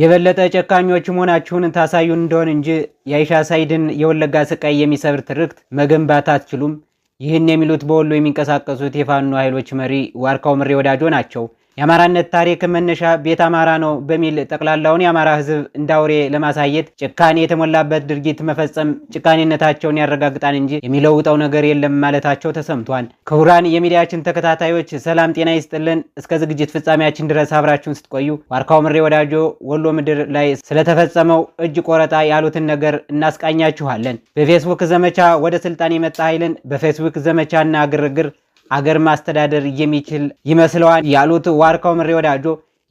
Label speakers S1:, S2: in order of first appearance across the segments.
S1: የበለጠ ጨካኞች መሆናችሁን ታሳዩን እንደሆን እንጂ የአይሻ ሳይድን የወለጋ ስቃይ የሚሰብር ትርክት መገንባት አትችሉም። ይህን የሚሉት በወሎ የሚንቀሳቀሱት የፋኖ ኃይሎች መሪ ዋርካው ምሬ ወዳጆ ናቸው። የአማራነት ታሪክ መነሻ ቤት አማራ ነው በሚል ጠቅላላውን የአማራ ሕዝብ እንዳውሬ ለማሳየት ጭካኔ የተሞላበት ድርጊት መፈጸም ጭካኔነታቸውን ያረጋግጣል እንጂ የሚለውጠው ነገር የለም ማለታቸው ተሰምቷል። ክቡራን የሚዲያችን ተከታታዮች ሰላም ጤና ይስጥልን። እስከ ዝግጅት ፍጻሜያችን ድረስ አብራችሁን ስትቆዩ ዋርካው ምሬ ወዳጆ ወሎ ምድር ላይ ስለተፈጸመው እጅ ቆረጣ ያሉትን ነገር እናስቃኛችኋለን። በፌስቡክ ዘመቻ ወደ ስልጣን የመጣ ኃይልን በፌስቡክ ዘመቻና ግርግር አገር ማስተዳደር የሚችል ይመስለዋል ያሉት ዋርካው ምሬ ወዳጆ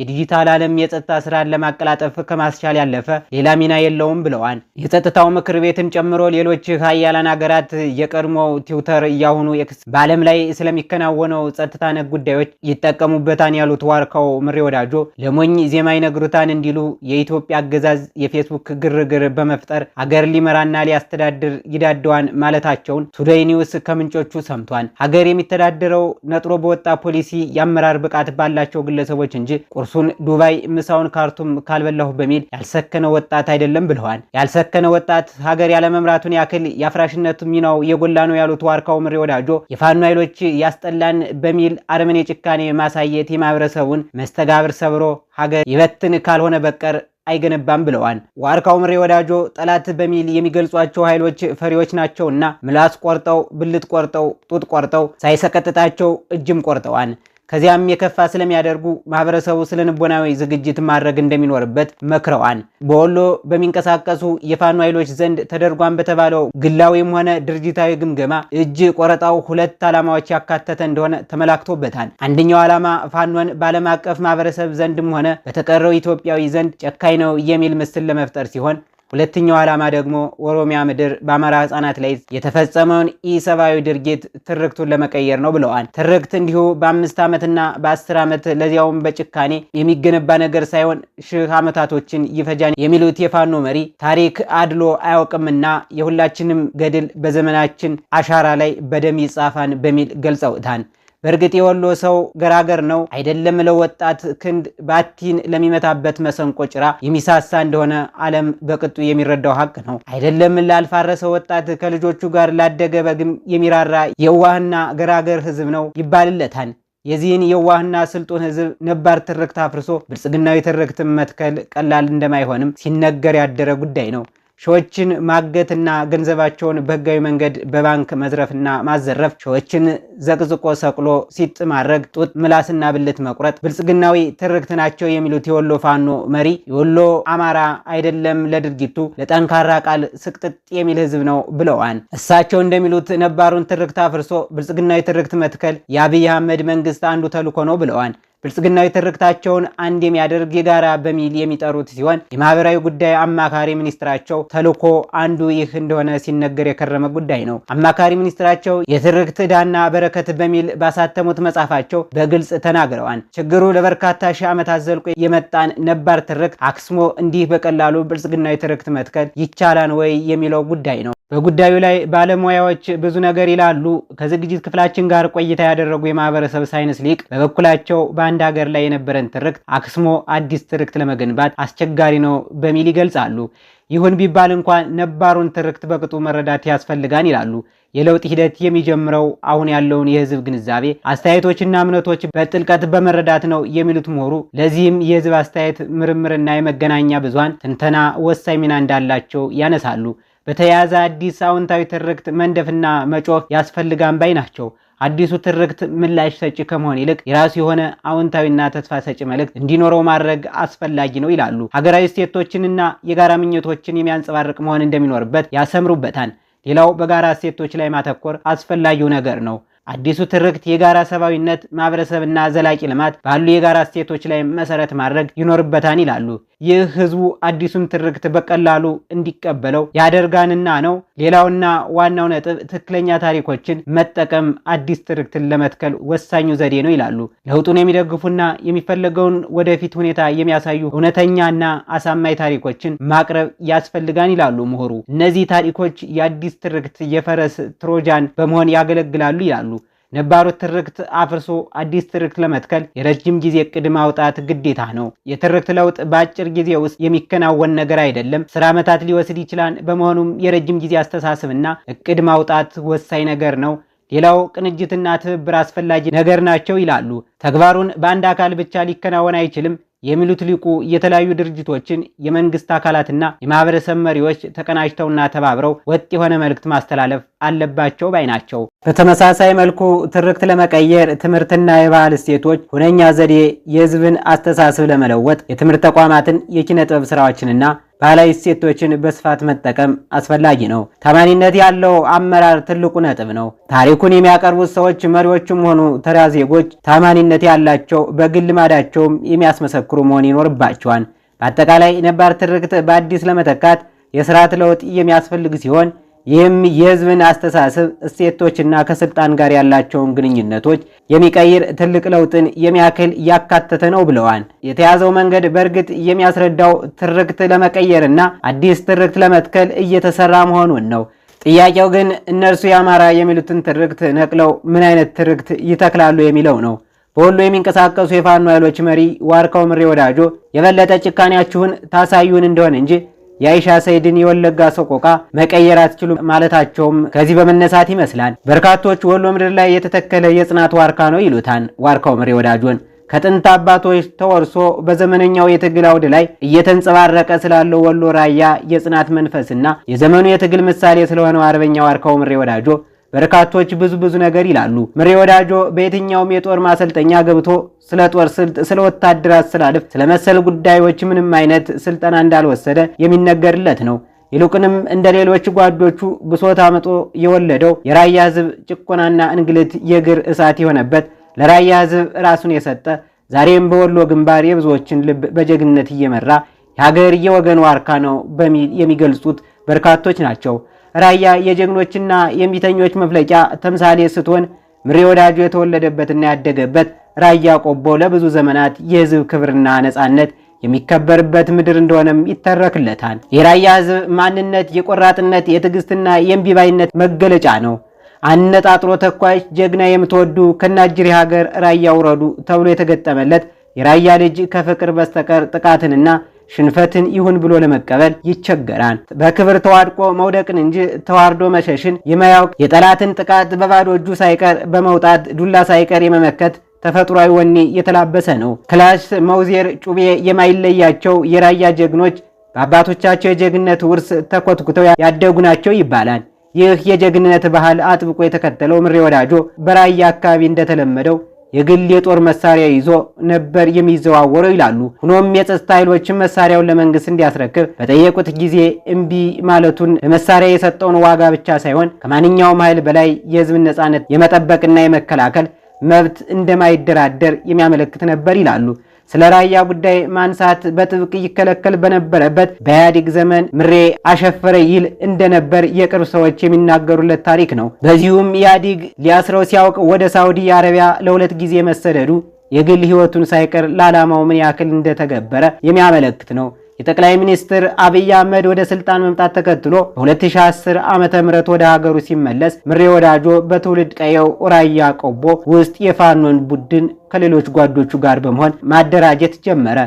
S1: የዲጂታል ዓለም የጸጥታ ስራን ለማቀላጠፍ ከማስቻል ያለፈ ሌላ ሚና የለውም ብለዋል። የጸጥታው ምክር ቤትን ጨምሮ ሌሎች ሀያላን ሀገራት የቀድሞ ትዊተር እያሁኑ ኤክስ በዓለም ላይ ስለሚከናወነው ጸጥታ ነክ ጉዳዮች ይጠቀሙበታን ያሉት ዋርካው ምሬ ወዳጆ ለሞኝ ዜማ ይነግሩታን እንዲሉ የኢትዮጵያ አገዛዝ የፌስቡክ ግርግር በመፍጠር አገር ሊመራና ሊያስተዳድር ይዳደዋን ማለታቸውን ቱዴይ ኒውስ ከምንጮቹ ሰምቷል። ሀገር የሚተዳደረው ነጥሮ በወጣ ፖሊሲ የአመራር ብቃት ባላቸው ግለሰቦች እንጂ ቁርሱን ዱባይ፣ ምሳውን ካርቱም ካልበላሁ በሚል ያልሰከነ ወጣት አይደለም ብለዋል። ያልሰከነ ወጣት ሀገር ያለመምራቱን ያክል የአፍራሽነት ሚናው የጎላ ነው ያሉት ዋርካው ምሬ ወዳጆ የፋኖ ኃይሎች ያስጠላን በሚል አረመኔ ጭካኔ ማሳየት የማህበረሰቡን መስተጋብር ሰብሮ ሀገር ይበትን ካልሆነ በቀር አይገነባም ብለዋል። ዋርካው ምሬ ወዳጆ ጠላት በሚል የሚገልጿቸው ኃይሎች ፈሪዎች ናቸውና ምላስ ቆርጠው ብልት ቆርጠው ጡት ቆርጠው ሳይሰቀጥጣቸው እጅም ቆርጠዋል። ከዚያም የከፋ ስለሚያደርጉ ማህበረሰቡ ስለንቦናዊ ዝግጅት ማድረግ እንደሚኖርበት መክረዋል። በወሎ በሚንቀሳቀሱ የፋኖ ኃይሎች ዘንድ ተደርጓን በተባለው ግላዊም ሆነ ድርጅታዊ ግምገማ እጅ ቆረጣው ሁለት ዓላማዎች ያካተተ እንደሆነ ተመላክቶበታል። አንደኛው ዓላማ ፋኖን በዓለም አቀፍ ማህበረሰብ ዘንድም ሆነ በተቀረው ኢትዮጵያዊ ዘንድ ጨካኝ ነው የሚል ምስል ለመፍጠር ሲሆን ሁለተኛው ዓላማ ደግሞ ኦሮሚያ ምድር በአማራ ህጻናት ላይ የተፈጸመውን ኢሰብአዊ ድርጊት ትርክቱን ለመቀየር ነው ብለዋል። ትርክት እንዲሁ በአምስት ዓመትና በአስር ዓመት ለዚያውም በጭካኔ የሚገነባ ነገር ሳይሆን ሺህ ዓመታቶችን ይፈጃን የሚሉት የፋኖ መሪ ታሪክ አድሎ አያውቅምና የሁላችንም ገድል በዘመናችን አሻራ ላይ በደም ይጻፋን በሚል ገልጸውታል። በእርግጥ የወሎ ሰው ገራገር ነው አይደለም ለወጣት ክንድ ባቲን ለሚመታበት መሰንቆ ጭራ የሚሳሳ እንደሆነ ዓለም በቅጡ የሚረዳው ሀቅ ነው። አይደለም ላልፋረሰ ወጣት ከልጆቹ ጋር ላደገ በግም የሚራራ የዋህና ገራገር ህዝብ ነው ይባልለታል። የዚህን የዋህና ስልጡን ህዝብ ነባር ትርክት አፍርሶ ብልጽግናዊ ትርክትን መትከል ቀላል እንደማይሆንም ሲነገር ያደረ ጉዳይ ነው። ሺዎችን ማገትና ገንዘባቸውን በህጋዊ መንገድ በባንክ መዝረፍና ማዘረፍ፣ ሺዎችን ዘቅዝቆ ሰቅሎ ሲጥ ማድረግ፣ ጡት ምላስና ብልት መቁረጥ ብልጽግናዊ ትርክት ናቸው የሚሉት የወሎ ፋኖ መሪ የወሎ አማራ አይደለም ለድርጊቱ ለጠንካራ ቃል ስቅጥጥ የሚል ህዝብ ነው ብለዋል። እሳቸው እንደሚሉት ነባሩን ትርክት አፍርሶ ብልጽግናዊ ትርክት መትከል የአብይ አህመድ መንግስት አንዱ ተልኮ ነው ብለዋል። ብልጽግናዊ ትርክታቸውን አንድ የሚያደርግ የጋራ በሚል የሚጠሩት ሲሆን የማህበራዊ ጉዳይ አማካሪ ሚኒስትራቸው ተልዕኮ አንዱ ይህ እንደሆነ ሲነገር የከረመ ጉዳይ ነው። አማካሪ ሚኒስትራቸው የትርክት ዕዳና በረከት በሚል ባሳተሙት መጽሐፋቸው በግልጽ ተናግረዋል። ችግሩ ለበርካታ ሺህ ዓመታት ዘልቆ የመጣን ነባር ትርክት አክስሞ እንዲህ በቀላሉ ብልጽግናዊ ትርክት መትከል ይቻላል ወይ የሚለው ጉዳይ ነው። በጉዳዩ ላይ ባለሙያዎች ብዙ ነገር ይላሉ። ከዝግጅት ክፍላችን ጋር ቆይታ ያደረጉ የማህበረሰብ ሳይንስ ሊቅ በበኩላቸው በአንድ በአንድ ሀገር ላይ የነበረን ትርክት አክስሞ አዲስ ትርክት ለመገንባት አስቸጋሪ ነው በሚል ይገልጻሉ። ይሁን ቢባል እንኳን ነባሩን ትርክት በቅጡ መረዳት ያስፈልጋን ይላሉ። የለውጥ ሂደት የሚጀምረው አሁን ያለውን የህዝብ ግንዛቤ፣ አስተያየቶችና እምነቶች በጥልቀት በመረዳት ነው የሚሉት ምሁሩ ለዚህም የህዝብ አስተያየት ምርምርና የመገናኛ ብዙሃን ትንተና ወሳኝ ሚና እንዳላቸው ያነሳሉ። በተያያዘ አዲስ አዎንታዊ ትርክት መንደፍና መጮህ ያስፈልጋን ባይ ናቸው። አዲሱ ትርክት ምላሽ ሰጪ ከመሆን ይልቅ የራሱ የሆነ አዎንታዊና ተስፋ ሰጪ መልእክት እንዲኖረው ማድረግ አስፈላጊ ነው ይላሉ። ሀገራዊ እሴቶችንና የጋራ ምኞቶችን የሚያንጸባርቅ መሆን እንደሚኖርበት ያሰምሩበታል። ሌላው በጋራ እሴቶች ላይ ማተኮር አስፈላጊው ነገር ነው። አዲሱ ትርክት የጋራ ሰብአዊነት፣ ማህበረሰብና ዘላቂ ልማት ባሉ የጋራ እሴቶች ላይ መሰረት ማድረግ ይኖርበታል ይላሉ። ይህ ህዝቡ አዲሱን ትርክት በቀላሉ እንዲቀበለው ያደርጋንና ነው። ሌላውና ዋናው ነጥብ ትክክለኛ ታሪኮችን መጠቀም አዲስ ትርክትን ለመትከል ወሳኙ ዘዴ ነው ይላሉ። ለውጡን የሚደግፉና የሚፈለገውን ወደፊት ሁኔታ የሚያሳዩ እውነተኛና አሳማኝ ታሪኮችን ማቅረብ ያስፈልጋን ይላሉ ምሁሩ። እነዚህ ታሪኮች የአዲስ ትርክት የፈረስ ትሮጃን በመሆን ያገለግላሉ ይላሉ። ነባሩ ትርክት አፍርሶ አዲስ ትርክት ለመትከል የረጅም ጊዜ እቅድ ማውጣት ግዴታ ነው። የትርክት ለውጥ በአጭር ጊዜ ውስጥ የሚከናወን ነገር አይደለም፣ ስራ ዓመታት ሊወስድ ይችላል። በመሆኑም የረጅም ጊዜ አስተሳሰብና እቅድ ማውጣት ወሳኝ ነገር ነው። ሌላው ቅንጅትና ትብብር አስፈላጊ ነገር ናቸው ይላሉ። ተግባሩን በአንድ አካል ብቻ ሊከናወን አይችልም። የሚሉት ሊቁ የተለያዩ ድርጅቶችን፣ የመንግስት አካላትና የማህበረሰብ መሪዎች ተቀናጅተውና ተባብረው ወጥ የሆነ መልእክት ማስተላለፍ አለባቸው ባይ ናቸው። በተመሳሳይ መልኩ ትርክት ለመቀየር ትምህርትና የባህል እሴቶች ሁነኛ ዘዴ የህዝብን አስተሳሰብ ለመለወጥ የትምህርት ተቋማትን የኪነ ጥበብ ስራዎችንና ባህላዊ እሴቶችን በስፋት መጠቀም አስፈላጊ ነው። ታማኒነት ያለው አመራር ትልቁ ነጥብ ነው። ታሪኩን የሚያቀርቡት ሰዎች መሪዎችም ሆኑ ተራ ዜጎች ታማኒነት ያላቸው በግል ልማዳቸውም የሚያስመሰክሩ መሆን ይኖርባቸዋል። በአጠቃላይ ነባር ትርክት በአዲስ ለመተካት የስርዓት ለውጥ የሚያስፈልግ ሲሆን ይህም የህዝብን አስተሳሰብ እሴቶችና ከስልጣን ጋር ያላቸውን ግንኙነቶች የሚቀይር ትልቅ ለውጥን የሚያክል ያካተተ ነው ብለዋል። የተያዘው መንገድ በእርግጥ የሚያስረዳው ትርክት ለመቀየርና አዲስ ትርክት ለመትከል እየተሰራ መሆኑን ነው። ጥያቄው ግን እነርሱ የአማራ የሚሉትን ትርክት ነቅለው ምን አይነት ትርክት ይተክላሉ የሚለው ነው። በወሎ የሚንቀሳቀሱ የፋኖ ኃይሎች መሪ ዋርካው ምሬ ወዳጆ የበለጠ ጭካኔያችሁን ታሳዩን እንደሆን እንጂ የአይሻ ሰይድን የወለጋ ሰቆቃ መቀየር አትችሉ ማለታቸውም ከዚህ በመነሳት ይመስላል። በርካቶች ወሎ ምድር ላይ የተተከለ የጽናት ዋርካ ነው ይሉታል። ዋርካው ምሬ ወዳጆን ከጥንት አባቶች ተወርሶ በዘመነኛው የትግል አውድ ላይ እየተንጸባረቀ ስላለው ወሎ ራያ የጽናት መንፈስና የዘመኑ የትግል ምሳሌ ስለሆነው አርበኛ ዋርካው ምሬ ወዳጆ በርካቶች ብዙ ብዙ ነገር ይላሉ። ምሬ ወዳጆ በየትኛውም የጦር ማሰልጠኛ ገብቶ ስለ ጦር ስልት፣ ስለ ወታደር አሰላለፍ፣ ስለ መሰል ጉዳዮች ምንም አይነት ስልጠና እንዳልወሰደ የሚነገርለት ነው። ይልቁንም እንደ ሌሎች ጓዶቹ ብሶት አምጦ የወለደው የራያ ህዝብ ጭቆናና እንግልት የእግር እሳት የሆነበት ለራያ ህዝብ ራሱን የሰጠ ዛሬም በወሎ ግንባር የብዙዎችን ልብ በጀግንነት እየመራ የሀገር የወገን ዋርካ ነው በሚል የሚገልጹት በርካቶች ናቸው። ራያ የጀግኖችና የሚተኞች መፍለቂያ ተምሳሌ ስትሆን ምሬ ወዳጁ የተወለደበትና ያደገበት ራያ ቆቦ ለብዙ ዘመናት የህዝብ ክብርና ነፃነት የሚከበርበት ምድር እንደሆነም ይተረክለታል። የራያ ህዝብ ማንነት የቆራጥነት የትዕግስትና የእምቢባይነት መገለጫ ነው። አነጣጥሮ ተኳሽ ጀግና የምትወዱ ከናጅሪ ሀገር ራያ ውረዱ ተብሎ የተገጠመለት የራያ ልጅ ከፍቅር በስተቀር ጥቃትንና ሽንፈትን ይሁን ብሎ ለመቀበል ይቸገራል። በክብር ተዋድቆ መውደቅን እንጂ ተዋርዶ መሸሽን የማያውቅ የጠላትን ጥቃት በባዶ እጁ ሳይቀር በመውጣት ዱላ ሳይቀር የመመከት ተፈጥሯዊ ወኔ የተላበሰ ነው። ክላሽ፣ መውዜር፣ ጩቤ የማይለያቸው የራያ ጀግኖች በአባቶቻቸው የጀግንነት ውርስ ተኮትኩተው ያደጉ ናቸው ይባላል። ይህ የጀግንነት ባህል አጥብቆ የተከተለው ምሬ ወዳጆ በራያ አካባቢ እንደተለመደው የግል የጦር መሳሪያ ይዞ ነበር የሚዘዋወረው ይላሉ። ሆኖም የጸጥታ ኃይሎችን መሳሪያውን ለመንግስት እንዲያስረክብ በጠየቁት ጊዜ እምቢ ማለቱን ለመሳሪያ የሰጠውን ዋጋ ብቻ ሳይሆን ከማንኛውም ኃይል በላይ የህዝብን ነጻነት የመጠበቅና የመከላከል መብት እንደማይደራደር የሚያመለክት ነበር ይላሉ። ስለ ራያ ጉዳይ ማንሳት በጥብቅ ይከለከል በነበረበት በኢህአዴግ ዘመን ምሬ አሸፈረ ይል እንደነበር የቅርብ ሰዎች የሚናገሩለት ታሪክ ነው። በዚሁም ኢህአዴግ ሊያስረው ሲያውቅ ወደ ሳውዲ አረቢያ ለሁለት ጊዜ መሰደዱ የግል ህይወቱን ሳይቀር ለዓላማው ምን ያክል እንደተገበረ የሚያመለክት ነው። የጠቅላይ ሚኒስትር አብይ አህመድ ወደ ስልጣን መምጣት ተከትሎ በ2010 ዓመተ ምህረት ወደ ሀገሩ ሲመለስ ምሬ ወዳጆ በትውልድ ቀየው ራያ ቆቦ ውስጥ የፋኖን ቡድን ከሌሎች ጓዶቹ ጋር በመሆን ማደራጀት ጀመረ።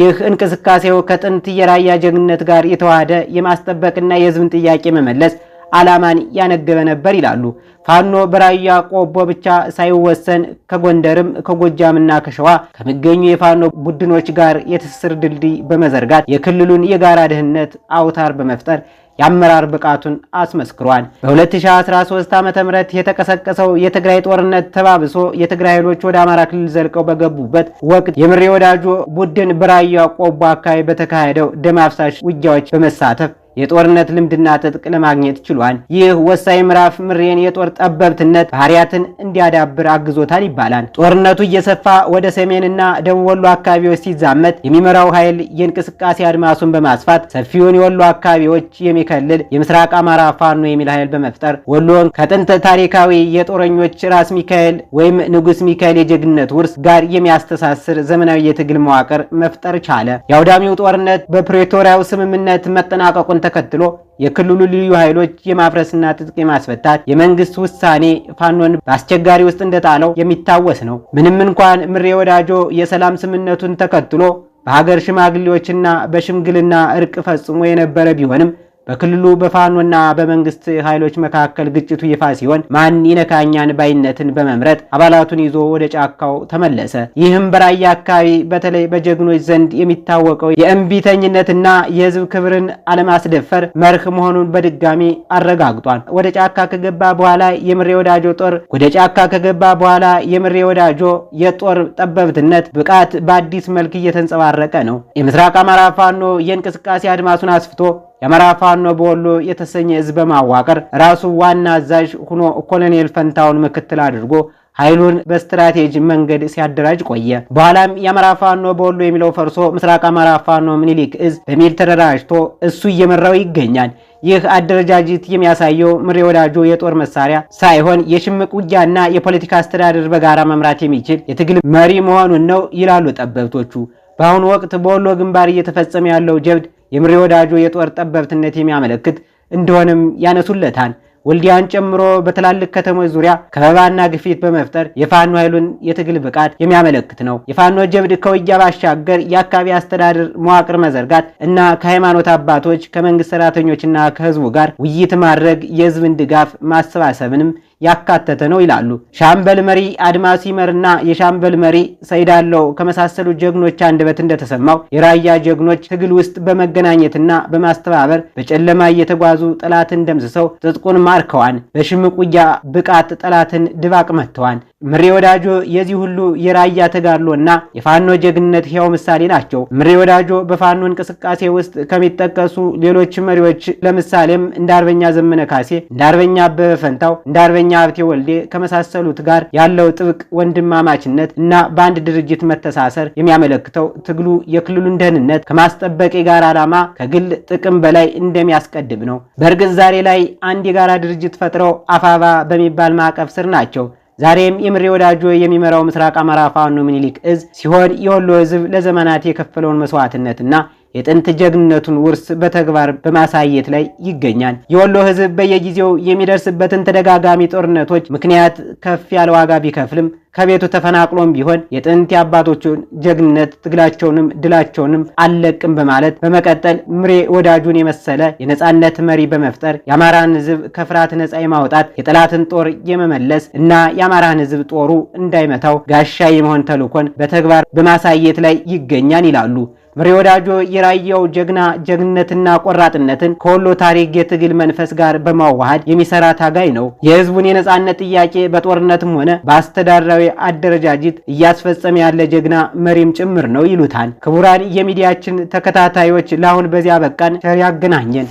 S1: ይህ እንቅስቃሴው ከጥንት የራያ ጀግንነት ጋር የተዋሃደ የማስጠበቅና የሕዝብን ጥያቄ መመለስ ዓላማን ያነገበ ነበር ይላሉ። ፋኖ በራያ ቆቦ ብቻ ሳይወሰን ከጎንደርም ከጎጃምና ከሸዋ ከሚገኙ የፋኖ ቡድኖች ጋር የትስስር ድልድይ በመዘርጋት የክልሉን የጋራ ደህንነት አውታር በመፍጠር የአመራር ብቃቱን አስመስክሯል። በ2013 ዓ ም የተቀሰቀሰው የትግራይ ጦርነት ተባብሶ የትግራይ ኃይሎች ወደ አማራ ክልል ዘልቀው በገቡበት ወቅት የምሬ ወዳጆ ቡድን በራያ ቆቦ አካባቢ በተካሄደው ደም አፍሳሽ ውጊያዎች በመሳተፍ የጦርነት ልምድና ትጥቅ ለማግኘት ችሏል። ይህ ወሳኝ ምዕራፍ ምሬን የጦር ጠበብትነት ባህሪያትን እንዲያዳብር አግዞታል ይባላል። ጦርነቱ እየሰፋ ወደ ሰሜንና ደቡብ ወሎ አካባቢዎች ሲዛመት የሚመራው ኃይል የእንቅስቃሴ አድማሱን በማስፋት ሰፊውን የወሎ አካባቢዎች የሚከልል የምስራቅ አማራ ፋኖ የሚል ኃይል በመፍጠር ወሎን ከጥንት ታሪካዊ የጦረኞች ራስ ሚካኤል ወይም ንጉሥ ሚካኤል የጀግንነት ውርስ ጋር የሚያስተሳስር ዘመናዊ የትግል መዋቅር መፍጠር ቻለ። የአውዳሚው ጦርነት በፕሬቶሪያው ስምምነት መጠናቀቁን ተከትሎ የክልሉ ልዩ ኃይሎች የማፍረስና ትጥቅ የማስፈታት የመንግስት ውሳኔ ፋኖን በአስቸጋሪ ውስጥ እንደጣለው የሚታወስ ነው። ምንም እንኳን ምሬ ወዳጆ የሰላም ስምነቱን ተከትሎ በሀገር ሽማግሌዎችና በሽምግልና እርቅ ፈጽሞ የነበረ ቢሆንም በክልሉ በፋኖና በመንግስት ኃይሎች መካከል ግጭቱ ይፋ ሲሆን ማን ይነካኛን ባይነትን በመምረጥ አባላቱን ይዞ ወደ ጫካው ተመለሰ። ይህም በራያ አካባቢ በተለይ በጀግኖች ዘንድ የሚታወቀው የእምቢተኝነትና የህዝብ ክብርን አለማስደፈር መርህ መሆኑን በድጋሚ አረጋግጧል። ወደ ጫካ ከገባ በኋላ የምሬ ወዳጆ ጦር ወደ ጫካ ከገባ በኋላ የምሬ ወዳጆ የጦር ጠበብትነት ብቃት በአዲስ መልክ እየተንጸባረቀ ነው። የምስራቅ አማራ ፋኖ የእንቅስቃሴ አድማሱን አስፍቶ የአማራ ፋኖ በወሎ የተሰኘ ህዝብ በማዋቀር ራሱ ዋና አዛዥ ሆኖ ኮሎኔል ፈንታውን ምክትል አድርጎ ኃይሉን በስትራቴጂ መንገድ ሲያደራጅ ቆየ። በኋላም የአማራ ፋኖ በወሎ የሚለው ፈርሶ ምስራቅ አማራ ፋኖ ምኒልክ እዝ በሚል ተደራጅቶ እሱ እየመራው ይገኛል። ይህ አደረጃጀት የሚያሳየው ምሬ ወዳጆ የጦር መሳሪያ ሳይሆን የሽምቅ ውጊያና የፖለቲካ አስተዳደር በጋራ መምራት የሚችል የትግል መሪ መሆኑን ነው ይላሉ ጠበብቶቹ። በአሁኑ ወቅት በወሎ ግንባር እየተፈጸመ ያለው ጀብድ የምሬ ወዳጆ የጦር ጠበብትነት የሚያመለክት እንደሆነም ያነሱለታል። ወልዲያን ጨምሮ በትላልቅ ከተሞች ዙሪያ ከበባና ግፊት በመፍጠር የፋኖ ኃይሉን የትግል ብቃት የሚያመለክት ነው። የፋኖ ጀብድ ከውጊያ ባሻገር የአካባቢ አስተዳደር መዋቅር መዘርጋት እና ከሃይማኖት አባቶች ከመንግስት ሰራተኞችና ከህዝቡ ጋር ውይይት ማድረግ የህዝብን ድጋፍ ማሰባሰብንም ያካተተ ነው ይላሉ። ሻምበል መሪ አድማሲ መርና የሻምበል መሪ ሰይድ አለው ከመሳሰሉ ጀግኖች አንደበት እንደተሰማው የራያ ጀግኖች ትግል ውስጥ በመገናኘትና በማስተባበር በጨለማ እየተጓዙ ጠላትን ደምስሰው ትጥቁን ማርከዋን፣ በሽምቅ ውጊያ ብቃት ጠላትን ድባቅ መትተዋን፣ ምሬ ወዳጆ የዚህ ሁሉ የራያ እና የፋኖ ጀግንነት ሕያው ምሳሌ ናቸው። ምሬ ወዳጆ በፋኖ እንቅስቃሴ ውስጥ ከሚጠቀሱ ሌሎች መሪዎች ለምሳሌም እንደ አርበኛ ዘመነ ካሴ፣ እንደ አርበኛ አበበ ፈንታው፣ እንደ አርበኛ ሀብቴ ወልዴ ከመሳሰሉት ጋር ያለው ጥብቅ ወንድማማችነት እና በአንድ ድርጅት መተሳሰር የሚያመለክተው ትግሉ የክልሉን ደህንነት ከማስጠበቅ የጋራ ዓላማ ከግል ጥቅም በላይ እንደሚያስቀድም ነው። በእርግጥ ዛሬ ላይ አንድ የጋራ ድርጅት ፈጥረው አፋባ በሚባል ማዕቀፍ ስር ናቸው። ዛሬም የምሬ ወዳጆ የሚመራው ምስራቅ አማራ ፋኖ ምኒልክ እዝ ሲሆን የወሎ ህዝብ ለዘመናት የከፈለውን መስዋዕትነትና የጥንት ጀግንነቱን ውርስ በተግባር በማሳየት ላይ ይገኛል። የወሎ ህዝብ በየጊዜው የሚደርስበትን ተደጋጋሚ ጦርነቶች ምክንያት ከፍ ያለ ዋጋ ቢከፍልም ከቤቱ ተፈናቅሎም ቢሆን የጥንት የአባቶቹን ጀግንነት ትግላቸውንም ድላቸውንም አልለቅም በማለት በመቀጠል ምሬ ወዳጁን የመሰለ የነፃነት መሪ በመፍጠር የአማራን ህዝብ ከፍርሃት ነፃ የማውጣት የጠላትን ጦር የመመለስ እና የአማራን ህዝብ ጦሩ እንዳይመታው ጋሻ የመሆን ተልኮን በተግባር በማሳየት ላይ ይገኛል ይላሉ። ምሬ ወዳጆ የራያው ጀግና ጀግንነትና ቆራጥነትን ከወሎ ታሪክ የትግል መንፈስ ጋር በማዋሃድ የሚሰራ ታጋይ ነው። የህዝቡን የነጻነት ጥያቄ በጦርነትም ሆነ በአስተዳደራዊ አደረጃጀት እያስፈጸመ ያለ ጀግና መሪም ጭምር ነው ይሉታል። ክቡራን የሚዲያችን ተከታታዮች ለአሁን በዚያ በቃን። ቸር ያገናኘን።